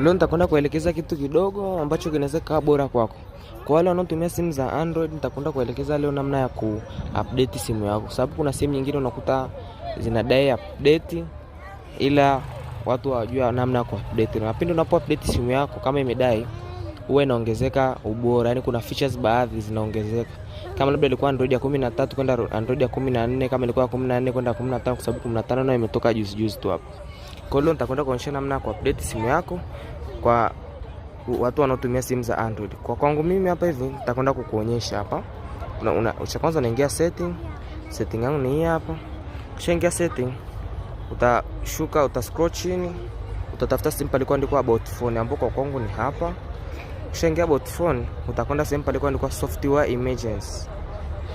Leo nitakwenda kuelekeza kitu kidogo ambacho kinaweza kaa bora kwako. Kwa wale wanaotumia simu za Android, nitakwenda kuelekeza leo namna ya ku update simu yako, sababu kuna simu nyingine unakuta zinadai update, ila watu hawajua namna ya ku update, na pindi unapo update simu yako kama imedai huwa inaongezeka ubora, yani kuna features baadhi zinaongezeka. Kama labda ilikuwa Android ya 13 kwenda Android ya 14, kama ilikuwa 14 kwenda 15, kwa sababu 15 nayo imetoka juzi juzi tu hapo. Kwa hiyo nitakwenda kuonyesha namna ya kuupdate simu yako kwa watu wanaotumia simu za Android. Kwa kwangu mimi hapa hivi nitakwenda kukuonyesha hapa. Una, una Cha kwanza unaingia setting. Setting yangu ni hii hapa. ingia setting, utashuka utascroll chini, utatafuta simu palikuwa andikwa about phone ambapo kwa kwangu ni hapa. Kisha ingia about phone, utakwenda sehemu palikuwa andikwa software images.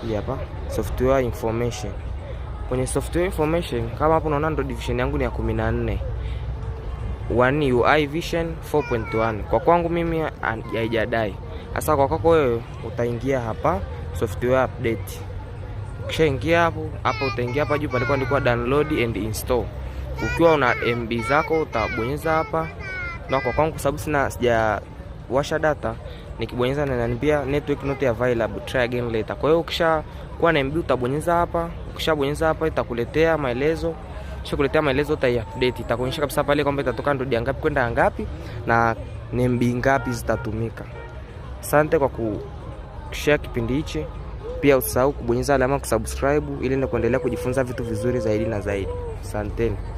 Hii hapa, software information kwenye software information, kama hapo unaona ndo division yangu ni ya 14 1 UI vision 4.1 kwa kwangu mimi haijadai. hasa kwa kwako wewe utaingia hapa software update. Ukishaingia hapo hapo utaingia hapa juu palikuwa andikwa download and install. Ukiwa una MB zako utabonyeza hapa, na kwa kwangu sababu sina sijawasha data nikibonyeza nananiambia network not available, try again later. Kwa hiyo ukisha kuwa na MB utabonyeza hapa, ukishabonyeza hapa itakuletea maelezo kisha kuletea maelezo, update itakuonyesha kabisa pale kwamba itatoka ndo dia ngapi kwenda ngapi na ni MB ngapi zitatumika. Asante kwa kushare kipindi hichi, pia usahau kubonyeza alama kusubscribe ili ndo kuendelea kujifunza vitu vizuri zaidi na zaidi. Asanteni.